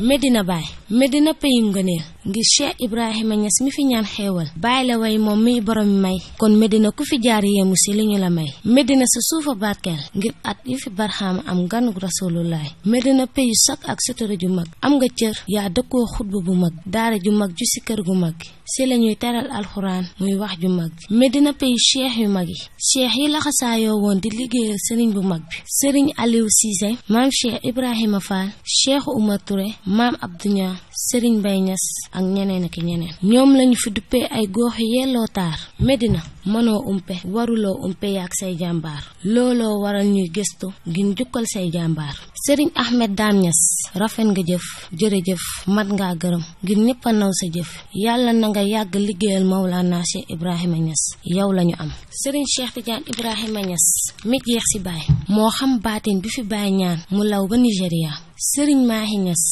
Medina Baye Medina peyum ngëneel ngir Cheikh Ibrahima Niass mi fi ñaan xeewal bàyyi la way moom mi borom may kon Medina ku fi jaar yéemu si li ñu la may Medina sa suufa barkeel ngir at yu fi barxaama am ganuk rasulullaay Medina peyu sak ak sutura ju mag am nga cër yaa dëkkoo xutba bu mag daara ju mag ju si kër gu mag si lañuy ñuy teral alxuraan muy wax ju mag Medina peyu cheikh yu mag yi cheikh yi laxasaayoo woon di liggéeyal sëriñ bu mag bi sëriñ Aliou Cissé maam Cheikh Ibrahima Fall Cheikh Oumar Touré maam Abdou Niang Serigne Mbaye Niass ak ñeneen ak ñeneen ñoom lañu fi duppee ay gox yelloo taar Medina mënoo umpe waruloo umpe ak say jàmbaar looloo waral ñuy gëstu ngir jukkal say jàmbaar Serigne Ahmed Dame Niass rafet nga jëf jërëjëf mat ngaa gërëm ngir ñëpp a naw sa jëf yàlla na nga yàgg liggéeyal Mawlana Cheikh Ibrahima Niass yow lañu am Serigne Cheikh Tidiane Ibrahima Niass mi jeex si baay moo xam baatin bi fi baay ñaan mu law ba Nigéria sëriñ Mahi Niass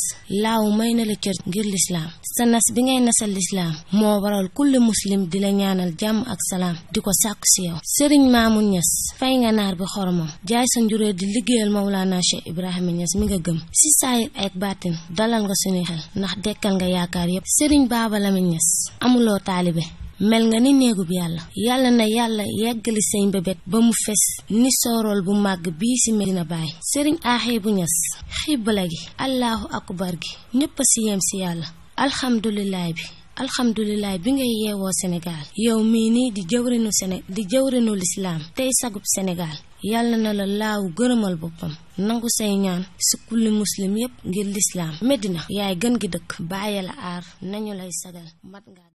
laaw may na la cër ngir lislaam sa nas bi ngay nasal lislaam moo waral kulli muslim di la ñaanal jàmm ak salaam di ko sàkku si yow sëriñ Maamu Niass fay nga naar bi xoromam jaay sa njuree di liggéeyal moom Mawlaana Cheikh Ibrahima Niass mi nga gëm si saayir ak baatin dalal nga suñuy xel ndax dekkal nga yaakaar yépp sëriñ Baaba Lamin Niass amuloo taalibe mel nga ni néegub yàlla yàlla na yàlla yeggali say mbébét ba mu fes ni soorool bu màgg bi ci Medina Baay sëriñ aaxee bu ñas xibbala gi allahu akbar gi ñépp a ci yem ci yàlla alxamdulillaay bi alxamdulilaay bi ngay yeewoo Sénégal yow mii nii di jëwrinu Séné di jëwrinu lislaam tey sagub Sénégal yàlla na la laaw gërëmal boppam nangu say ñaan si kulli muslim yépp ngir lislaam Medina yaay gën gi dëkk bàyyi la aar nañu lay sagal mat nga